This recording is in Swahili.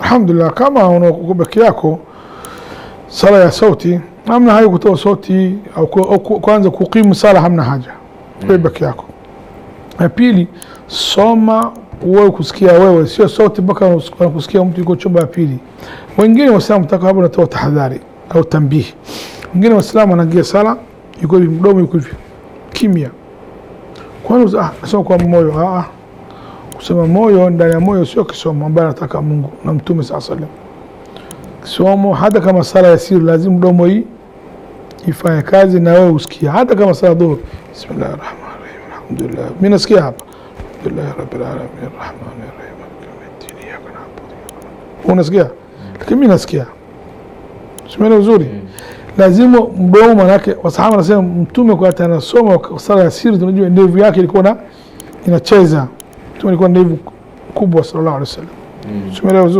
alhamdulillah kama una beki yako sala ya sauti hamna haja kutoa sauti au kwanza kuqimu sala hamna haja mm. beki yako ya pili soma wewe kusikia wewe sio sauti mpaka unakusikia mtu yuko chumba ya pili wengine waislamu taka hapo natoa tahadhari au tambihi wengine waislamu wanaingia sala yuko hivi mdomo yuko hivi kimya kwani nasoma ah, kwa moyo ah, ah kusema moyo ndani ya moyo sio kisomo ambaye anataka Mungu na Mtume saa salam. Kisomo hata kama sala ya siri lazima mdomo hii ifanye kazi na wewe usikie, hata kama sala dhuhuri, bismillahi rahmani rahim, alhamdulillah, mi nasikia hapa, alhamdulillahi rabbil alamin rahmani rahim, unasikia lakini mi nasikia simene uzuri lazima mdomo, manake wasahaba anasema Mtume kwa anasoma sala ya siri, tunajua ndevu yake ilikuwa inacheza Mtume alikuwa na ndevu kubwa sallallahu alaihi wasallam. Mm. Umeelewa vizuri?